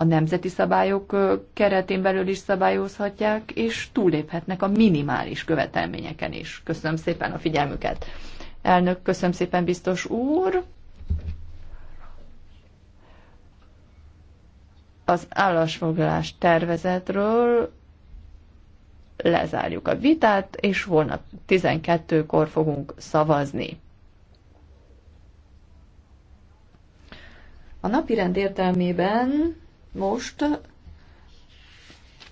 a nemzeti szabályok keretén belül is szabályozhatják, és túléphetnek a minimális követelményeken is. Köszönöm szépen a figyelmüket. Elnök, köszönöm szépen, biztos úr. Az állásfoglalás tervezetről lezárjuk a vitát, és holnap 12-kor fogunk szavazni. A napirend értelmében most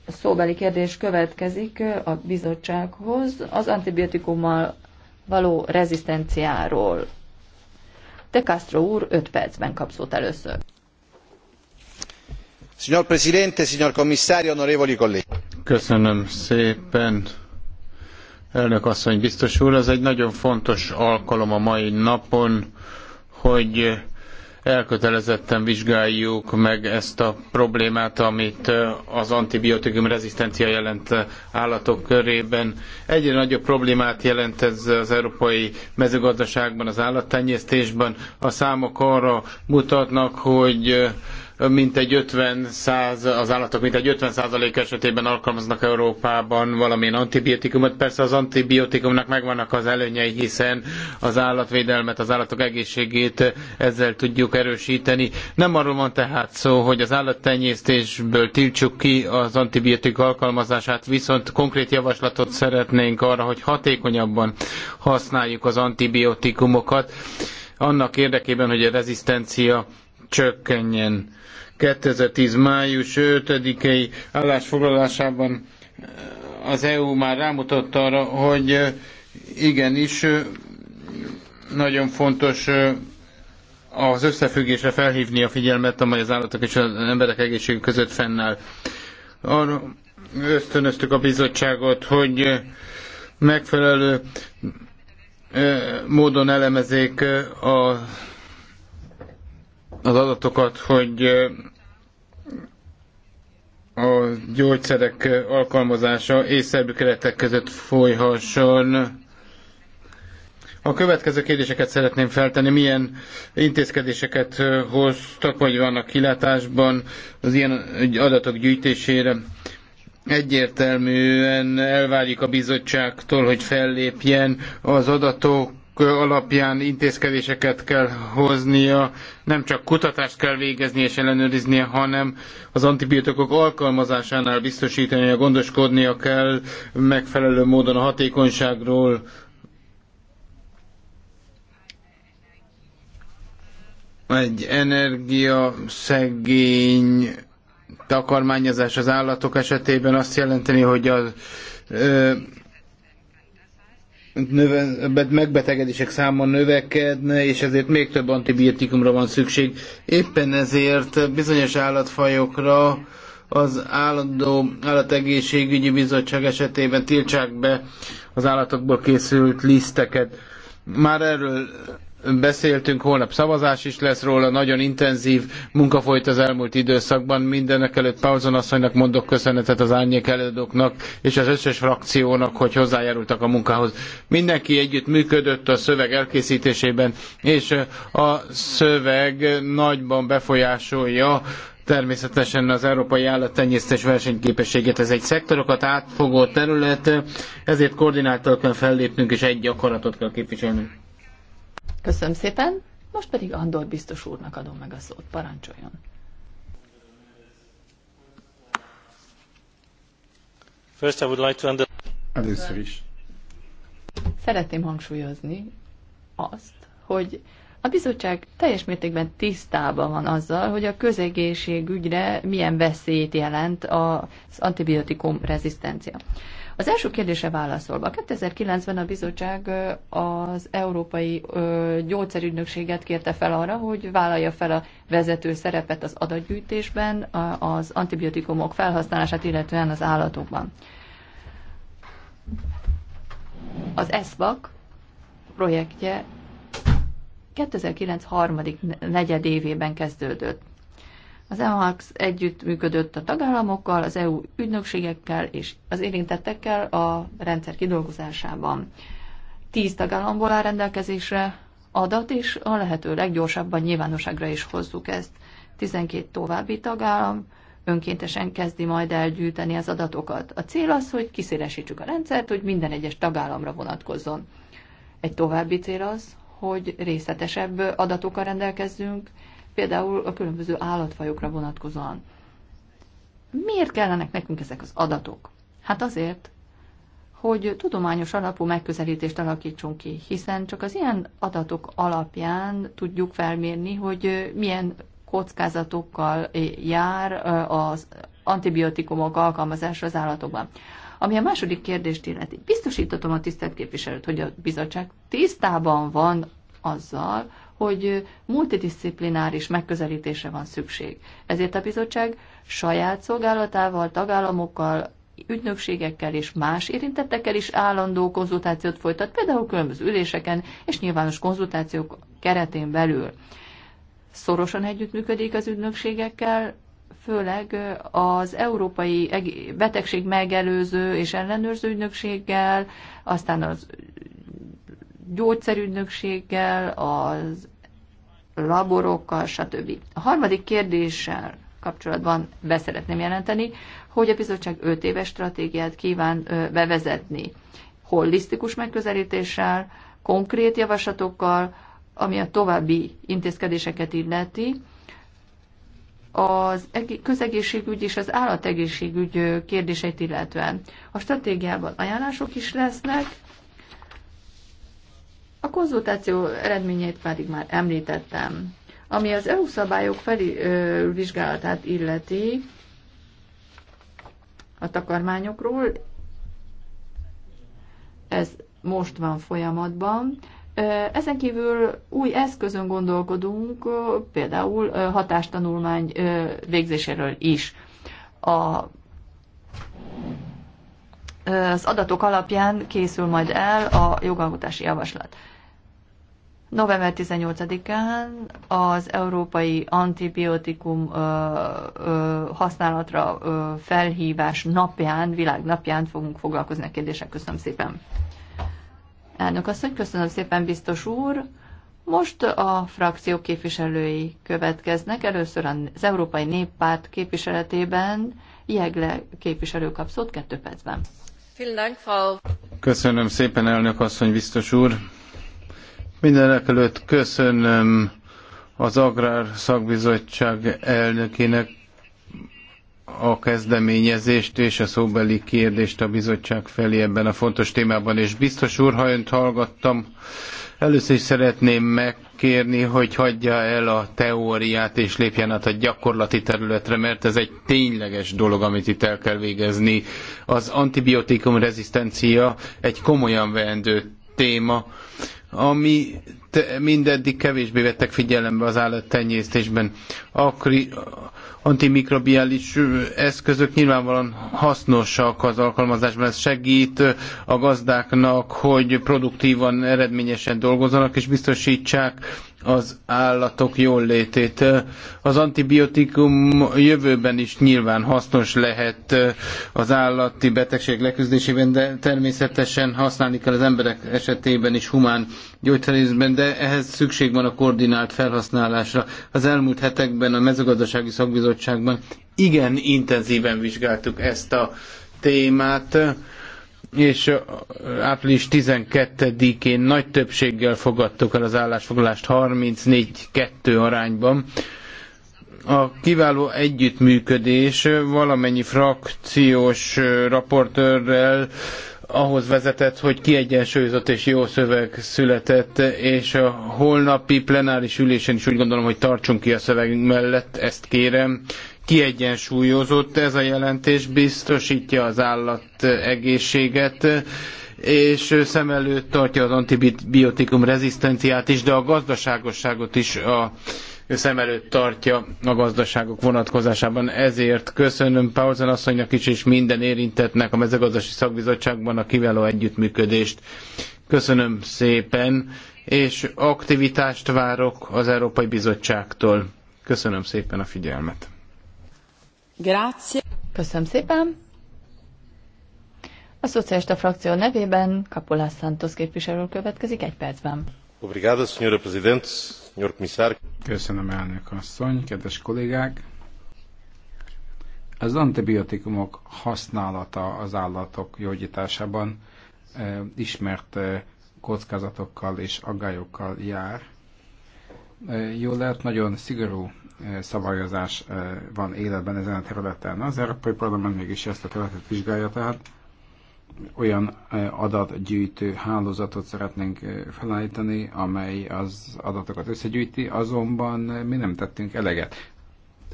szóbeli kérdés következik a bizottsághoz az antibiotikummal való rezisztenciáról. De Castro úr 5 percben kap szót először. Signor Presidente, signor Commissario, onorevoli colleghi. Köszönöm szépen, elnök asszony, biztos úr. Ez egy nagyon fontos alkalom a mai napon, hogy elkötelezetten vizsgáljuk meg ezt a problémát, amit az antibiotikum rezisztencia jelent állatok körében. Egyre nagyobb problémát jelent ez az európai mezőgazdaságban, az állattenyésztésben. A számok arra mutatnak, hogy mintegy 50 száz, az állatok mintegy 50 százalék esetében alkalmaznak Európában valamilyen antibiotikumot. Persze az antibiotikumnak megvannak az előnyei, hiszen az állatvédelmet, az állatok egészségét ezzel tudjuk erősíteni. Nem arról van tehát szó, hogy az állattenyésztésből tiltsuk ki az antibiotik alkalmazását, viszont konkrét javaslatot szeretnénk arra, hogy hatékonyabban használjuk az antibiotikumokat annak érdekében, hogy a rezisztencia csökkenjen. 2010. május 5-i állásfoglalásában eh, az EU már rámutatta arra, hogy eh, igenis eh, nagyon fontos az összefüggésre felhívni a figyelmet, amely az állatok és az emberek egészségük között fennáll. Arra ösztönöztük a bizottságot, hogy megfelelő módon elemezék a az adatokat, hogy a gyógyszerek alkalmazása észszerű keretek között folyhasson. A következő kérdéseket szeretném feltenni. Milyen intézkedéseket hoztak, vagy vannak kilátásban az ilyen adatok gyűjtésére? Egyértelműen elvárjuk a bizottságtól, hogy fellépjen az adatok alapján intézkedéseket kell hoznia, nem csak kutatást kell végezni és ellenőriznie, hanem az antibiotikumok alkalmazásánál biztosítania, gondoskodnia kell megfelelő módon a hatékonyságról, egy energiaszegény takarmányozás az állatok esetében azt jelenteni, hogy az ö, növe, megbetegedések száma növekedne, és ezért még több antibiotikumra van szükség. Éppen ezért bizonyos állatfajokra az állandó állategészségügyi bizottság esetében tiltsák be az állatokból készült liszteket. Már erről beszéltünk, holnap szavazás is lesz róla, nagyon intenzív munka folyt az elmúlt időszakban. Mindenek előtt Pauzon asszonynak mondok köszönetet az árnyék előadóknak és az összes frakciónak, hogy hozzájárultak a munkához. Mindenki együtt működött a szöveg elkészítésében, és a szöveg nagyban befolyásolja természetesen az európai állattenyésztés versenyképességét. Ez egy szektorokat átfogó terület, ezért koordináltal kell fellépnünk, és egy gyakorlatot kell képviselnünk. Köszönöm szépen, most pedig Andor biztos úrnak adom meg a szót. Parancsoljon! First I would like to under... Először is. Szeretném hangsúlyozni azt, hogy a bizottság teljes mértékben tisztában van azzal, hogy a közegészségügyre milyen veszélyt jelent az antibiotikum rezisztencia. Az első kérdése válaszolva. 2009-ben a bizottság az Európai Gyógyszerügynökséget kérte fel arra, hogy vállalja fel a vezető szerepet az adatgyűjtésben, az antibiotikumok felhasználását, illetően az állatokban. Az ESVAK projektje 2009 harmadik negyedévében kezdődött. Az EMAX együttműködött a tagállamokkal, az EU ügynökségekkel és az érintettekkel a rendszer kidolgozásában. Tíz tagállamból áll rendelkezésre adat, és a lehető leggyorsabban nyilvánosságra is hozzuk ezt. 12 további tagállam önkéntesen kezdi majd elgyűjteni az adatokat. A cél az, hogy kiszélesítsük a rendszert, hogy minden egyes tagállamra vonatkozzon. Egy további cél az, hogy részletesebb adatokkal rendelkezzünk, például a különböző állatfajokra vonatkozóan. Miért kellenek nekünk ezek az adatok? Hát azért, hogy tudományos alapú megközelítést alakítsunk ki, hiszen csak az ilyen adatok alapján tudjuk felmérni, hogy milyen kockázatokkal jár az antibiotikumok alkalmazása az állatokban. Ami a második kérdést illeti, biztosítatom a tisztelt képviselőt, hogy a bizottság tisztában van azzal, hogy multidisziplináris megközelítésre van szükség. Ezért a bizottság saját szolgálatával, tagállamokkal, ügynökségekkel és más érintettekkel is állandó konzultációt folytat, például különböző üléseken és nyilvános konzultációk keretén belül. Szorosan együttműködik az ügynökségekkel, főleg az Európai Betegség Megelőző és Ellenőrző Ügynökséggel, aztán az gyógyszerügynökséggel, az laborokkal, stb. A harmadik kérdéssel kapcsolatban beszeretném jelenteni, hogy a bizottság 5 éves stratégiát kíván bevezetni holisztikus megközelítéssel, konkrét javaslatokkal, ami a további intézkedéseket illeti, az közegészségügy és az állategészségügy kérdéseit illetően. A stratégiában ajánlások is lesznek, a konzultáció eredményeit pedig már említettem. Ami az EU szabályok felvizsgálatát illeti a takarmányokról, ez most van folyamatban. Ezen kívül új eszközön gondolkodunk, például hatástanulmány végzéséről is. A az adatok alapján készül majd el a jogalkotási javaslat. November 18-án az Európai Antibiotikum ö, ö, használatra ö, felhívás napján, világnapján fogunk foglalkozni a kérdések. Köszönöm szépen. Elnök asszony, köszönöm szépen, biztos úr. Most a frakció képviselői következnek. Először az Európai Néppárt képviseletében Jegle képviselő kap szót kettő percben. Köszönöm szépen, elnök asszony, biztos úr. Mindenek előtt köszönöm az Agrár Szakbizottság elnökének, a kezdeményezést és a szóbeli kérdést a bizottság felé ebben a fontos témában, és biztos úr, ha önt hallgattam, először is szeretném megkérni, hogy hagyja el a teóriát és lépjen át a gyakorlati területre, mert ez egy tényleges dolog, amit itt el kell végezni. Az antibiotikum rezisztencia egy komolyan veendő téma, ami mindeddig kevésbé vettek figyelembe az állattenyésztésben. Akri, antimikrobiális eszközök nyilvánvalóan hasznosak az alkalmazásban. Ez segít a gazdáknak, hogy produktívan, eredményesen dolgozzanak, és biztosítsák az állatok jól létét. Az antibiotikum jövőben is nyilván hasznos lehet az állati betegség leküzdésében, de természetesen használni kell az emberek esetében is humán gyógyszerészben, de ehhez szükség van a koordinált felhasználásra. Az elmúlt hetekben a mezőgazdasági szakbizottságban igen intenzíven vizsgáltuk ezt a témát és április 12-én nagy többséggel fogadtuk el az állásfoglalást 34-2 arányban. A kiváló együttműködés valamennyi frakciós raportőrrel ahhoz vezetett, hogy kiegyensúlyozott és jó szöveg született, és a holnapi plenáris ülésen is úgy gondolom, hogy tartsunk ki a szövegünk mellett, ezt kérem, kiegyensúlyozott. Ez a jelentés biztosítja az állat egészséget, és szem előtt tartja az antibiotikum rezisztenciát is, de a gazdaságosságot is a szem előtt tartja a gazdaságok vonatkozásában. Ezért köszönöm Paulsen asszonynak is, és minden érintettnek a mezőgazdasági szakbizottságban a kiváló együttműködést. Köszönöm szépen, és aktivitást várok az Európai Bizottságtól. Köszönöm szépen a figyelmet. Grazie. Köszönöm szépen. A szocialista frakció nevében Kapulás Santos képviselő következik egy percben. Obrigado, senhora presidente, senhor comissário. Köszönöm, elnök asszony, kedves kollégák. Az antibiotikumok használata az állatok gyógyításában eh, ismert eh, kockázatokkal és aggályokkal jár. Eh, jó lehet, nagyon szigorú Eh, szabályozás eh, van életben ezen a területen. Az Európai Parlament mégis ezt a területet vizsgálja, tehát olyan eh, adatgyűjtő hálózatot szeretnénk felállítani, amely az adatokat összegyűjti, azonban mi nem tettünk eleget.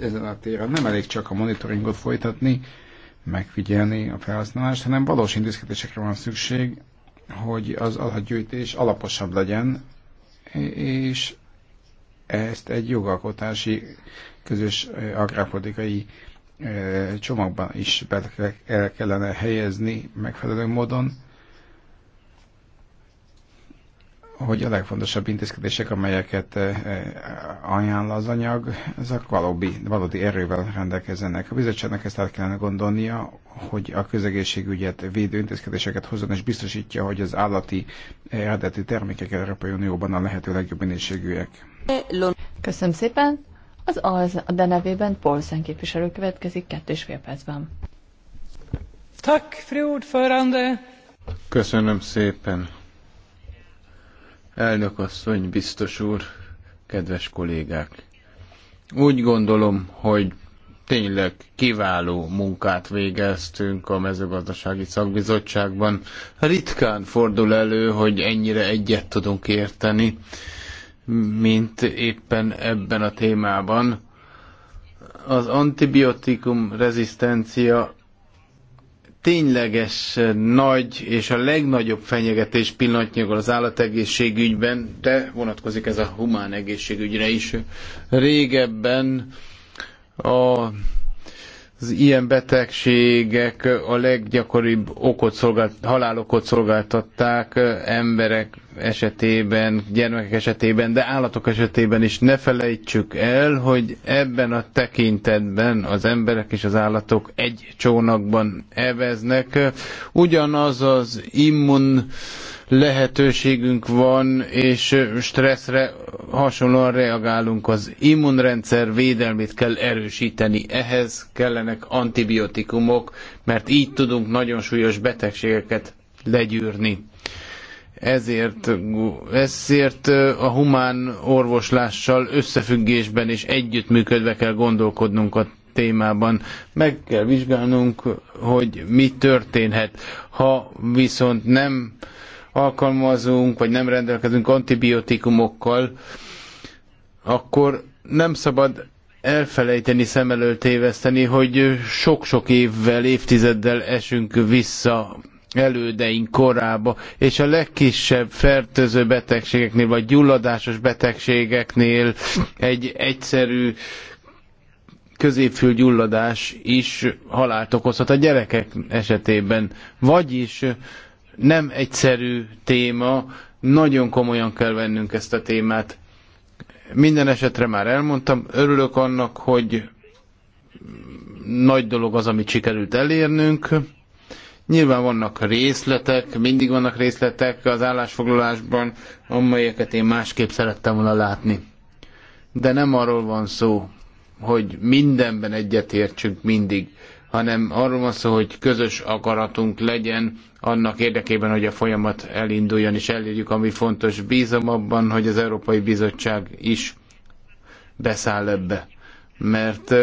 Ezen a téren nem elég csak a monitoringot folytatni, megfigyelni a felhasználást, hanem valós intézkedésekre van szükség, hogy az adatgyűjtés alaposabb legyen, és ezt egy jogalkotási közös agrárpolitikai csomagban is be el kellene helyezni megfelelő módon, hogy a legfontosabb intézkedések, amelyeket ajánl az anyag, ezek valódi, valódi erővel rendelkezzenek. A bizottságnak ezt át kellene gondolnia, hogy a közegészségügyet védő intézkedéseket hozzon, és biztosítja, hogy az állati eredeti termékek Európai Unióban a lehető legjobb minőségűek. Köszönöm szépen. Az az a denevében nevében Paulsen képviselő következik kettő és fél percben. Tak, fru Köszönöm szépen. Elnök asszony, biztos úr, kedves kollégák. Úgy gondolom, hogy tényleg kiváló munkát végeztünk a mezőgazdasági szakbizottságban. Ritkán fordul elő, hogy ennyire egyet tudunk érteni mint éppen ebben a témában. Az antibiotikum rezisztencia tényleges nagy és a legnagyobb fenyegetés pillanatnyilag az állategészségügyben, de vonatkozik ez a humán egészségügyre is. Régebben a az ilyen betegségek a leggyakoribb okot szolgált, halálokot szolgáltatták emberek esetében, gyermekek esetében, de állatok esetében is ne felejtsük el, hogy ebben a tekintetben az emberek és az állatok egy csónakban eveznek. Ugyanaz az immun lehetőségünk van, és stresszre hasonlóan reagálunk. Az immunrendszer védelmét kell erősíteni, ehhez kellenek antibiotikumok, mert így tudunk nagyon súlyos betegségeket legyűrni. Ezért, ezért a humán orvoslással összefüggésben és együttműködve kell gondolkodnunk a témában. Meg kell vizsgálnunk, hogy mi történhet. Ha viszont nem alkalmazunk, vagy nem rendelkezünk antibiotikumokkal, akkor nem szabad elfelejteni, szem előtt téveszteni, hogy sok-sok évvel, évtizeddel esünk vissza elődeink korába, és a legkisebb fertőző betegségeknél, vagy gyulladásos betegségeknél egy egyszerű középfülgyulladás is halált okozhat a gyerekek esetében. Vagyis nem egyszerű téma, nagyon komolyan kell vennünk ezt a témát. Minden esetre már elmondtam, örülök annak, hogy nagy dolog az, amit sikerült elérnünk. Nyilván vannak részletek, mindig vannak részletek az állásfoglalásban, amelyeket én másképp szerettem volna látni. De nem arról van szó, hogy mindenben egyetértsünk mindig hanem arról van szó, hogy közös akaratunk legyen annak érdekében, hogy a folyamat elinduljon és elérjük, ami fontos. Bízom abban, hogy az Európai Bizottság is beszáll ebbe, mert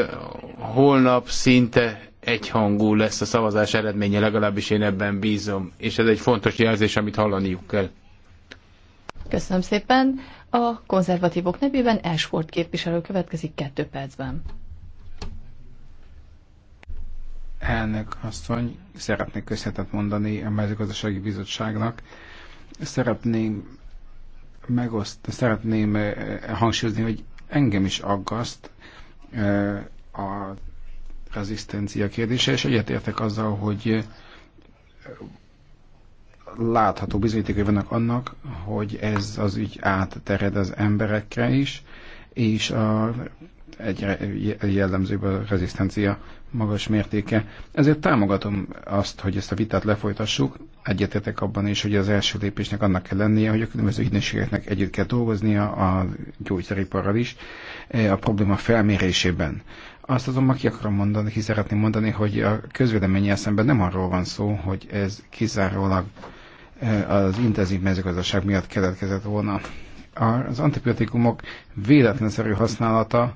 holnap szinte egyhangú lesz a szavazás eredménye, legalábbis én ebben bízom, és ez egy fontos jelzés, amit hallaniuk kell. Köszönöm szépen. A konzervatívok nevében Ashford képviselő következik kettő percben. Elnök asszony, szeretnék köszönetet mondani a mezőgazdasági bizottságnak. Szeretném megoszt, szeretném eh, hangsúlyozni, hogy engem is aggaszt eh, a rezisztencia kérdése, és egyetértek azzal, hogy eh, látható bizonyítékai vannak annak, hogy ez az ügy áttered az emberekre is, és a, egy jellemzőbb a rezisztencia magas mértéke. Ezért támogatom azt, hogy ezt a vitát lefolytassuk. Egyetetek abban is, hogy az első lépésnek annak kell lennie, hogy a különböző ügynökségeknek együtt kell dolgoznia a gyógyszeriparral is eh, a probléma felmérésében. Azt azonban ki akarom mondani, ki szeretném mondani, hogy a közvéleménnyel eszemben nem arról van szó, hogy ez kizárólag eh, az intenzív mezőgazdaság miatt keletkezett volna az antibiotikumok véletlenszerű használata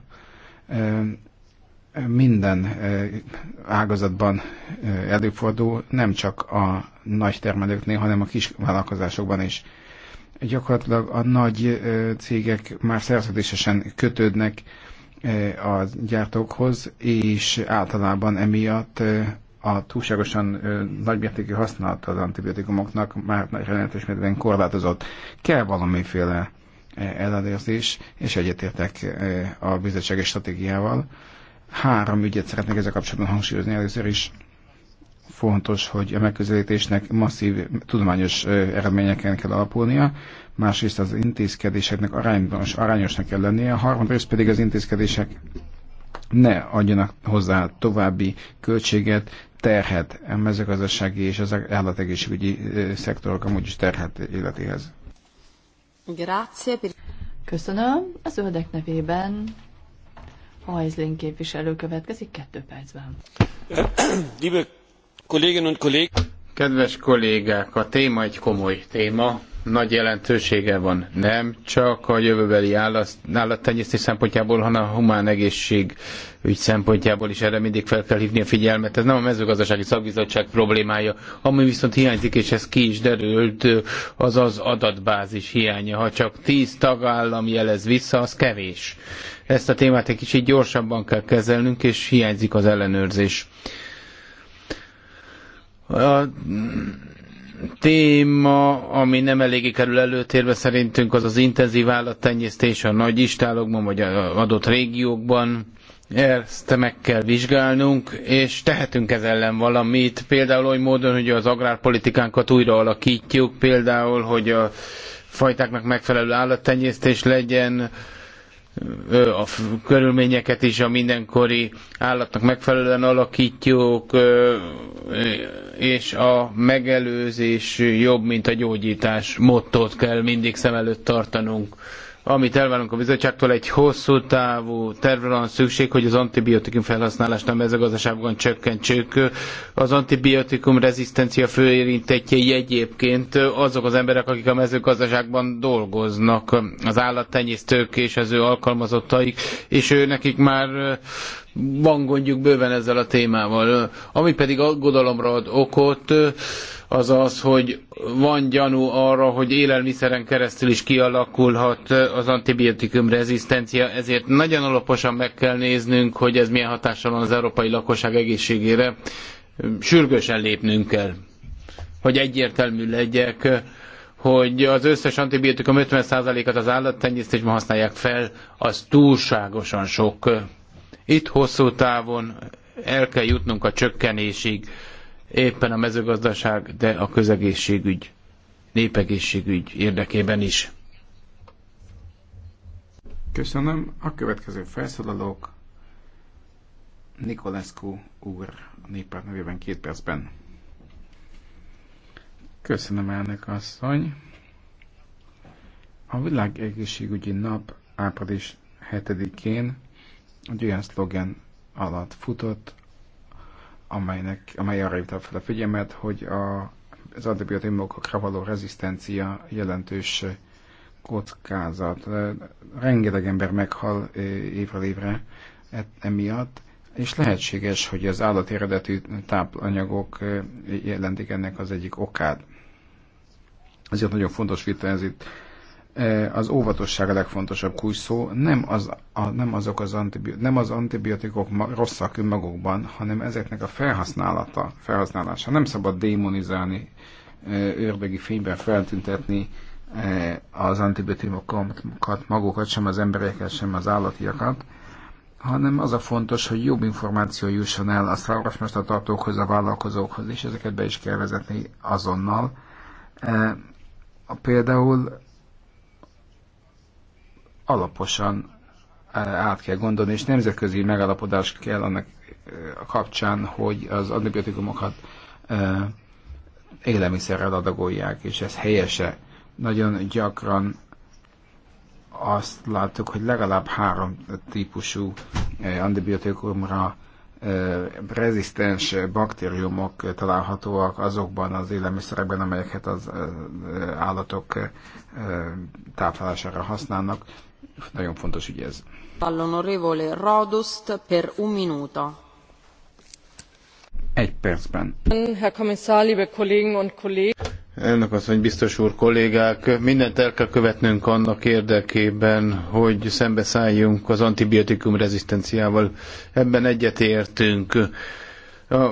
minden ágazatban előfordul, nem csak a nagy termelőknél, hanem a kis vállalkozásokban is. Gyakorlatilag a nagy cégek már szerződésesen kötődnek a gyártókhoz, és általában emiatt a túlságosan nagymértékű használat az antibiotikumoknak már jelentős mértékben korlátozott. Kell valamiféle ellenőrzés, és egyetértek e, a bizottsági stratégiával. Három ügyet szeretnék ezzel kapcsolatban hangsúlyozni. Először is fontos, hogy a megközelítésnek masszív tudományos e, eredményeken kell alapulnia, másrészt az intézkedéseknek arányos, arányosnak kell lennie, a harmadrészt pedig az intézkedések ne adjanak hozzá további költséget, terhet a mezőgazdasági és az állategészségügyi e, szektorok amúgy is terhet életéhez. Grazie. Köszönöm. A zöldek nevében Hajzlin képviselő következik kettő percben. Liebe Kolleginnen und Kollegen! Kedves kollégák, a téma egy komoly téma nagy jelentősége van nem csak a jövőbeli állattenyésztés szempontjából, hanem a humán egészség ügy szempontjából is erre mindig fel kell hívni a figyelmet. Ez nem a mezőgazdasági szakbizottság problémája, ami viszont hiányzik, és ez ki is derült, az az adatbázis hiánya. Ha csak tíz tagállam jelez vissza, az kevés. Ezt a témát egy kicsit gyorsabban kell kezelnünk, és hiányzik az ellenőrzés. A téma, ami nem eléggé kerül előtérbe szerintünk, az az intenzív állattenyésztés a nagy istálokban, vagy adott régiókban. Ezt meg kell vizsgálnunk, és tehetünk ez ellen valamit. Például oly módon, hogy az agrárpolitikánkat újra alakítjuk, például, hogy a fajtáknak megfelelő állattenyésztés legyen, a körülményeket is a mindenkori állatnak megfelelően alakítjuk, és a megelőzés jobb, mint a gyógyítás mottót kell mindig szem előtt tartanunk amit elvárunk a bizottságtól, egy hosszú távú tervre van szükség, hogy az antibiotikum felhasználást a mezőgazdaságban csökkentsük. Az antibiotikum rezisztencia főérintettjei egyébként azok az emberek, akik a mezőgazdaságban dolgoznak, az állattenyésztők és az ő alkalmazottaik, és ő nekik már van gondjuk bőven ezzel a témával. Ami pedig aggodalomra ad okot, az az, hogy van gyanú arra, hogy élelmiszeren keresztül is kialakulhat az antibiotikum rezisztencia, ezért nagyon alaposan meg kell néznünk, hogy ez milyen hatással van az európai lakosság egészségére. Sürgősen lépnünk kell, hogy egyértelmű legyek, hogy az összes antibiotikum 50%-at az állattenyésztésben használják fel, az túlságosan sok. Itt hosszú távon el kell jutnunk a csökkenésig éppen a mezőgazdaság, de a közegészségügy, népegészségügy érdekében is. Köszönöm. A következő felszólalók Nikolescu úr a néppárt nevében két percben. Köszönöm, elnök asszony. A világ egészségügyi nap április 7-én egy olyan szlogen alatt futott, amelynek, amely arra jutott fel a figyelmet, hogy a, az antibiotikumokra való rezisztencia jelentős kockázat. Rengeteg ember meghal e, évről évre e, emiatt, és lehetséges, hogy az állati eredetű táplanyagok e, jelentik ennek az egyik okát. Ezért nagyon fontos vita ez itt E, az óvatosság a legfontosabb kulcsszó, nem, az, a, nem, azok az antibiotikumok, nem az antibiotikumok rosszak önmagukban, hanem ezeknek a felhasználata, felhasználása. Nem szabad démonizálni, e, ördögi fényben feltüntetni e, az antibiotikumokat magukat, sem az embereket, sem az állatiakat, hanem az a fontos, hogy jobb információ jusson el a szárvasmestatartókhoz, a vállalkozókhoz, és ezeket be is kell vezetni azonnal. Például alaposan e, át kell gondolni, és nemzetközi megalapodás kell annak e, kapcsán, hogy az antibiotikumokat e, élelmiszerrel adagolják, és ez helyese. Nagyon gyakran azt láttuk, hogy legalább három típusú antibiotikumra rezisztens baktériumok találhatóak azokban az élelmiszerekben, amelyeket az állatok táplálására használnak. Nagyon fontos ügy ez. All'onorevole Rodust per un minuto. Egy percben. Herr Kommissar, liebe Kollegen und Kollegen. Elnök asszony, biztos úr kollégák, mindent el kell követnünk annak érdekében, hogy szembeszálljunk az antibiotikum rezisztenciával. Ebben egyetértünk. A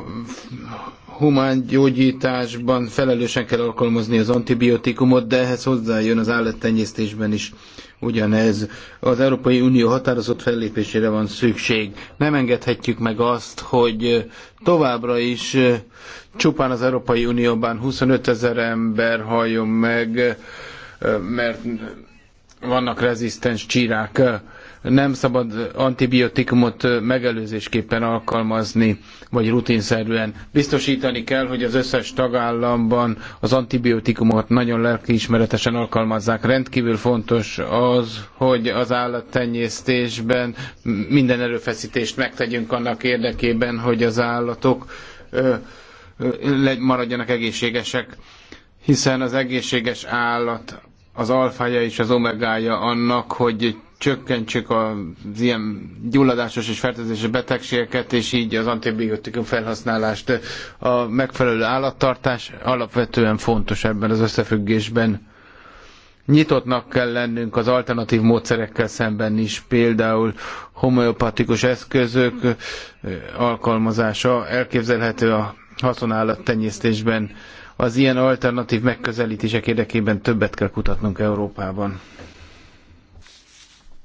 humán gyógyításban felelősen kell alkalmazni az antibiotikumot, de ehhez hozzájön az állattenyésztésben is ugyanez. Az Európai Unió határozott fellépésére van szükség. Nem engedhetjük meg azt, hogy továbbra is csupán az Európai Unióban 25 ezer ember halljon meg, mert vannak rezisztens csírák nem szabad antibiotikumot megelőzésképpen alkalmazni, vagy rutinszerűen. Biztosítani kell, hogy az összes tagállamban az antibiotikumot nagyon lelkiismeretesen alkalmazzák. Rendkívül fontos az, hogy az állattenyésztésben minden erőfeszítést megtegyünk annak érdekében, hogy az állatok maradjanak egészségesek, hiszen az egészséges állat az alfája és az omegája annak, hogy csökkentsük az ilyen gyulladásos és fertőzéses betegségeket, és így az antibiotikum felhasználást. A megfelelő állattartás alapvetően fontos ebben az összefüggésben. Nyitottnak kell lennünk az alternatív módszerekkel szemben is, például homeopatikus eszközök alkalmazása elképzelhető a haszonállattenyésztésben. Az ilyen alternatív megközelítések érdekében többet kell kutatnunk Európában.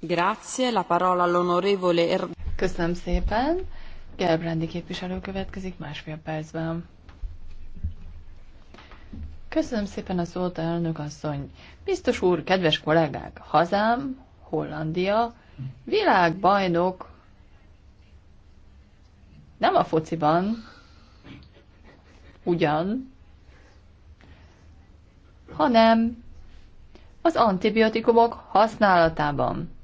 Grazie, la parola all'onorevole er... Köszönöm szépen. Gelbrandi képviselő következik másfél percben. Köszönöm szépen a szót, elnök asszony. Biztos úr, kedves kollégák, hazám, Hollandia, világbajnok, nem a fociban, ugyan, hanem az antibiotikumok használatában.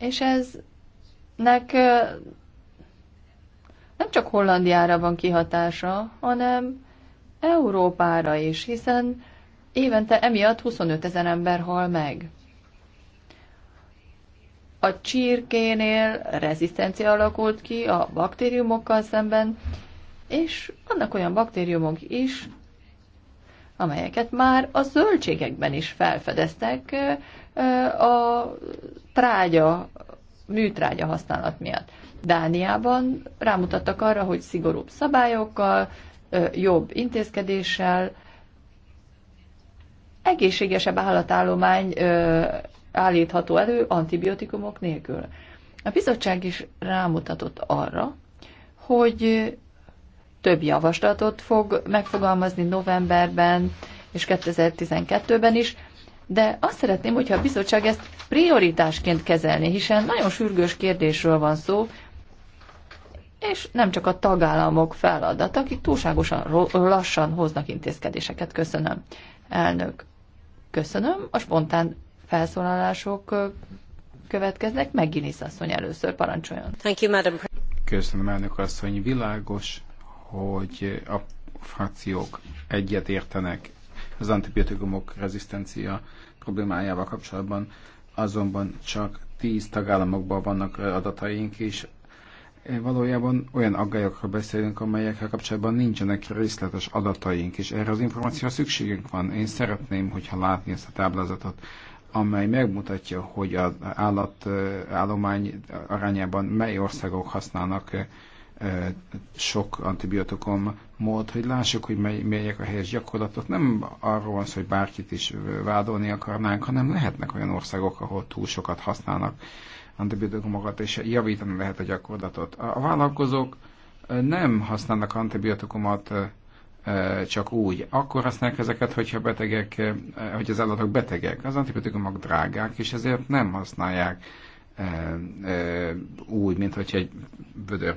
És ez nek nem csak Hollandiára van kihatása, hanem Európára is, hiszen évente emiatt 25 ezer ember hal meg. A csirkénél rezisztencia alakult ki a baktériumokkal szemben, és vannak olyan baktériumok is, amelyeket már a zöldségekben is felfedeztek a trágya, műtrágya használat miatt. Dániában rámutattak arra, hogy szigorúbb szabályokkal, jobb intézkedéssel, egészségesebb állatállomány állítható elő antibiotikumok nélkül. A bizottság is rámutatott arra, hogy több javaslatot fog megfogalmazni novemberben és 2012-ben is, de azt szeretném, hogyha a bizottság ezt prioritásként kezelni, hiszen nagyon sürgős kérdésről van szó, és nem csak a tagállamok feladat, akik túlságosan lassan hoznak intézkedéseket. Köszönöm, elnök. Köszönöm. A spontán felszólalások következnek. Megginis asszony először parancsoljon. Thank you, madam. Köszönöm, elnök asszony. Világos hogy a frakciók egyet értenek az antibiotikumok rezisztencia problémájával kapcsolatban, azonban csak 10 tagállamokban vannak adataink, és valójában olyan aggályokról beszélünk, amelyekkel kapcsolatban nincsenek részletes adataink, és erre az információra szükségünk van. Én szeretném, hogyha látni ezt a táblázatot, amely megmutatja, hogy az állatállomány arányában mely országok használnak sok antibiotikum mód, hogy lássuk, hogy mely, melyek a helyes gyakorlatok. Nem arról van szó, hogy bárkit is vádolni akarnánk, hanem lehetnek olyan országok, ahol túl sokat használnak antibiotikumokat, és javítani lehet a gyakorlatot. A vállalkozók nem használnak antibiotikumot csak úgy. Akkor használják ezeket, hogyha betegek, hogy az állatok betegek. Az antibiotikumok drágák, és ezért nem használják e, e, úgy, mint hogyha egy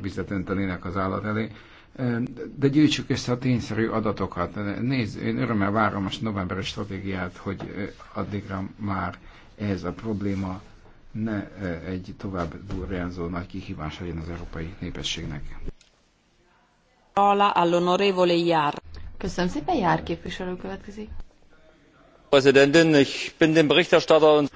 vizet öntenének az állat elé. E, De gyűjtsük össze a tényszerű adatokat. Nézd, én örömmel várom a novemberi stratégiát, hogy addigra már ez a probléma ne egy tovább durjánzó nagy kihívás legyen az európai népességnek. Köszönöm szépen, Jár képviselő következik. Präsidentin, ich bin dem Berichterstatter und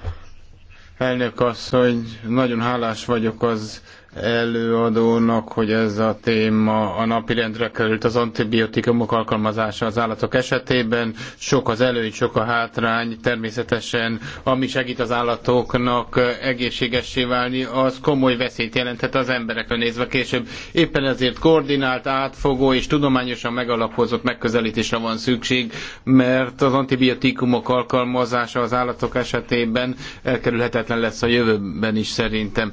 Elnök asszony, nagyon hálás vagyok az előadónak, hogy ez a téma a napirendre került az antibiotikumok alkalmazása az állatok esetében. Sok az előny, sok a hátrány, természetesen ami segít az állatoknak egészségessé válni, az komoly veszélyt jelenthet az emberekre nézve később. Éppen ezért koordinált, átfogó és tudományosan megalapozott megközelítésre van szükség, mert az antibiotikumok alkalmazása az állatok esetében elkerülhetetlen lesz a jövőben is szerintem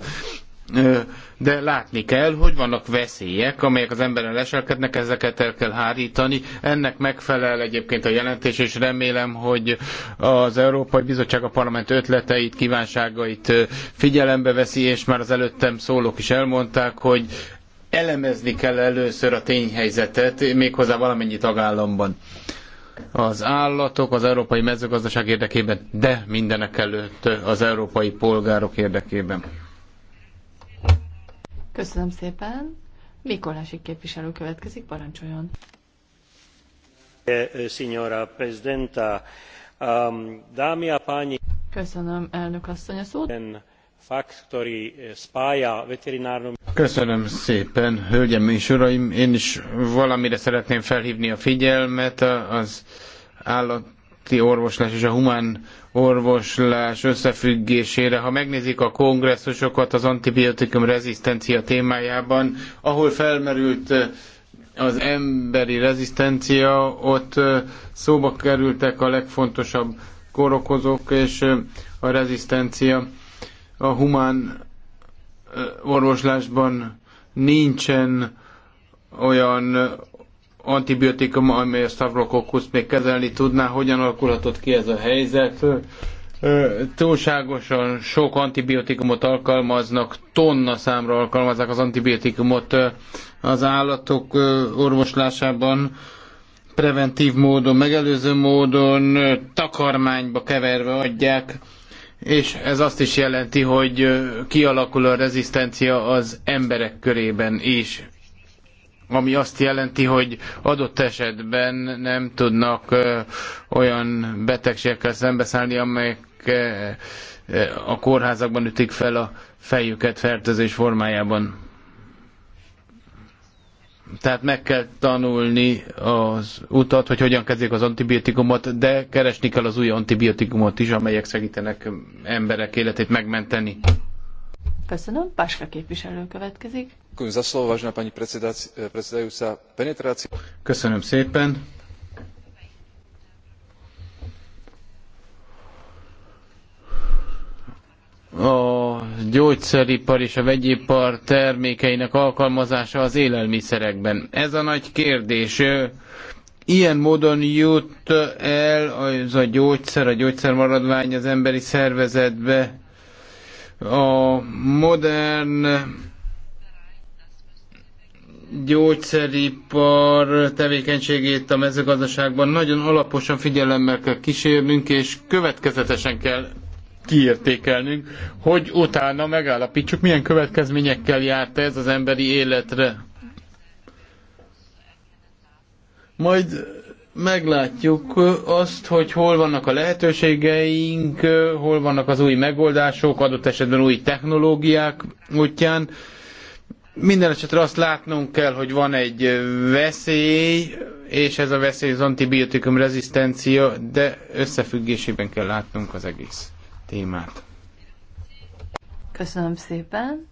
de látni kell, hogy vannak veszélyek, amelyek az emberen leselkednek, ezeket el kell hárítani. Ennek megfelel egyébként a jelentés, és remélem, hogy az Európai Bizottság a parlament ötleteit, kívánságait figyelembe veszi, és már az előttem szólók is elmondták, hogy elemezni kell először a tényhelyzetet, méghozzá valamennyi tagállamban az állatok az európai mezőgazdaság érdekében, de mindenekelőtt az európai polgárok érdekében. Köszönöm szépen. Mikolási képviselő következik, parancsoljon. Eh, eh, signora Presidenta, um, dámy a páni... Köszönöm, elnök asszony, a szót. Eh, Köszönöm szépen, hölgyem és uraim! Én is valamire szeretném felhívni a figyelmet, az állat közötti orvoslás és a humán orvoslás összefüggésére. Ha megnézik a kongresszusokat az antibiotikum rezisztencia témájában, ahol felmerült eh, az emberi rezisztencia, ott eh, szóba kerültek a legfontosabb korokozók és eh, a rezisztencia. A humán orvoslásban nincsen olyan antibiotikum, amely a stavrokokuszt még kezelni tudná, hogyan alakulhatott ki ez a helyzet? Túlságosan sok antibiotikumot alkalmaznak, tonna számra alkalmazzák az antibiotikumot az állatok orvoslásában, preventív módon, megelőző módon, takarmányba keverve adják, és ez azt is jelenti, hogy kialakul a rezisztencia az emberek körében is ami azt jelenti, hogy adott esetben nem tudnak olyan betegségekkel szembeszállni, amelyek a kórházakban ütik fel a fejüket fertőzés formájában. Tehát meg kell tanulni az utat, hogy hogyan kezdjék az antibiotikumot, de keresni kell az új antibiotikumot is, amelyek segítenek emberek életét megmenteni. Köszönöm. Páska képviselő következik. Eh, Köszönöm szépen. A gyógyszeripar és a vegyipar termékeinek alkalmazása az élelmiszerekben. Ez a nagy kérdés. Ilyen módon jut el az a gyógyszer, a gyógyszermaradvány az emberi szervezetbe. A modern gyógyszeripar tevékenységét a mezőgazdaságban nagyon alaposan figyelemmel kell kísérnünk, és következetesen kell kiértékelnünk, hogy utána megállapítsuk, milyen következményekkel járt ez az emberi életre. Majd meglátjuk azt, hogy hol vannak a lehetőségeink, hol vannak az új megoldások, adott esetben új technológiák útján, minden esetre azt látnunk kell, hogy van egy veszély, és ez a veszély az antibiotikum rezisztencia, de összefüggésében kell látnunk az egész témát. Köszönöm szépen.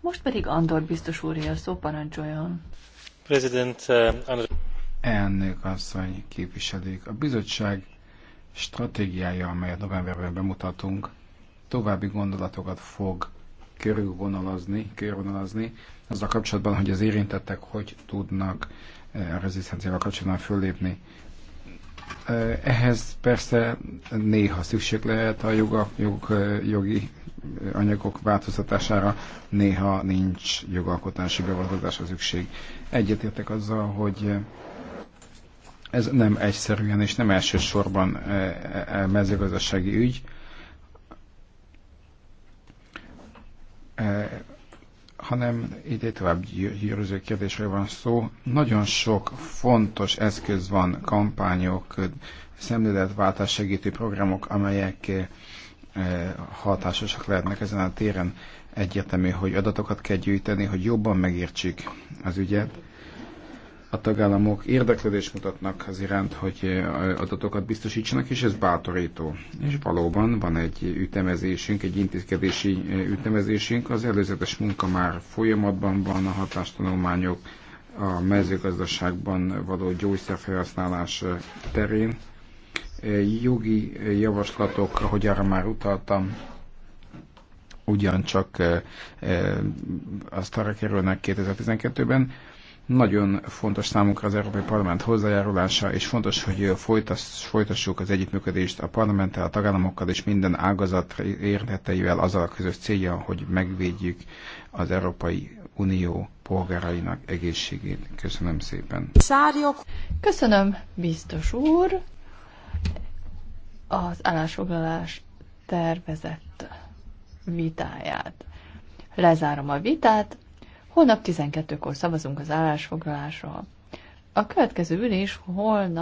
Most pedig Andor biztos a szó parancsoljon. President, uh, Andor... Elnök asszony, képviselők, a bizottság stratégiája, amelyet novemberben bemutatunk, további gondolatokat fog körülvonalazni, körülvonalazni azzal kapcsolatban, hogy az érintettek hogy tudnak eh, a rezisztenciával kapcsolatban föllépni. Eh, ehhez persze néha szükség lehet a joga, jog, eh, jogi anyagok változtatására, néha nincs jogalkotási beavatkozásra szükség. Egyetértek azzal, hogy ez nem egyszerűen és nem elsősorban mezőgazdasági ügy, Eh, hanem ide tovább gyűröző kérdésről van szó. Nagyon sok fontos eszköz van, kampányok, szemléletváltás segítő programok, amelyek eh, hatásosak lehetnek ezen a téren. Egyértelmű, hogy adatokat kell gyűjteni, hogy jobban megértsük az ügyet a tagállamok érdeklődést mutatnak az iránt, hogy eh, adatokat biztosítsanak, és ez bátorító. És valóban van egy ütemezésünk, egy intézkedési eh, ütemezésünk, az előzetes munka már folyamatban van, a hatástanulmányok a mezőgazdaságban való gyógyszerfelhasználás eh, terén. Jogi javaslatok, ahogy arra már utaltam, ugyancsak azt arra kerülnek 2012-ben, nagyon fontos számunkra az Európai Parlament hozzájárulása, és fontos, hogy folytass, folytassuk az együttműködést a parlamenttel, a tagállamokkal és minden ágazat érdeteivel azzal a közös célja, hogy megvédjük az Európai Unió polgárainak egészségét. Köszönöm szépen. Szárjok. Köszönöm, biztos úr. Az állásfoglalás tervezett vitáját. Lezárom a vitát. Holnap 12-kor szavazunk az állásfoglalásról. A következő ülés holnap